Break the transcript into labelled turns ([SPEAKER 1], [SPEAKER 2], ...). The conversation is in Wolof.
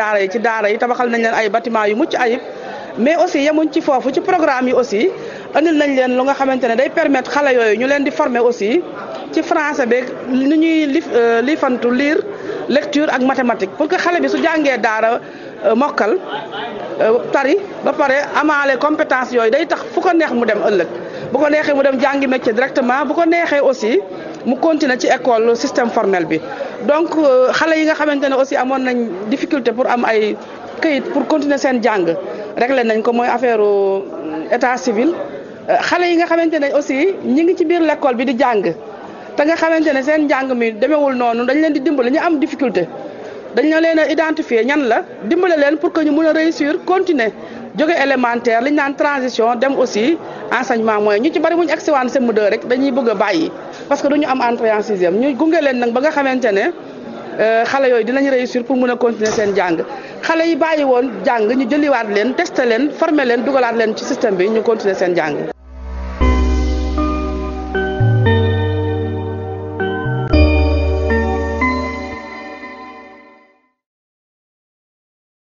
[SPEAKER 1] daara yi ci daara yi tabaxal nañ leen ay batiment yu mucc ayib mais aussi yemuñ ci foofu ci programme yi aussi andil nañ leen lu nga xamante ne day permettre xale yooyu ñu leen di former aussi ci français beeg ni ñuy li euh, liifantu lire lecture ak mathématique pour que xale bi su jàngee daara euh, mokal euh, tari ba pare amaale compétence yooyu day tax fu ko neex mu dem ëllëg bu ko neexee mu dem jàngi métier directement bu ko neexee aussi mu continuer ci école système formel bi donc euh, xale yi nga xamante ne aussi amoon nañ difficulté pour am ay këyit pour continuer seen jàng réglé nañ ko mooy affaire euh, état civil euh, xale yi nga xamante ne aussi ñi ngi ci biir l'école bi di jàng te nga xamante ne seen njàng mi demewul noonu dañ leen di dimbali ñu am difficulté dañ leen identifier ñan la dimbale leen pour que ñu mën a réussir continuer jóge élémentaire li ñu naan transition dem aussi enseignement moyen ñu ci bari bu waan sem rek dañuy bëgg a bàyyi. parce que du am entrée en sixième ñu gunge leen nag ba nga xamante ne euh, xale yooyu dinañ réussir pour mun a continuer seen jàng xale yi bàyyi woon jàng ñu jëliwaat leen test leen formé leen dugalaat leen ci système bi ñu continuer seen jàng.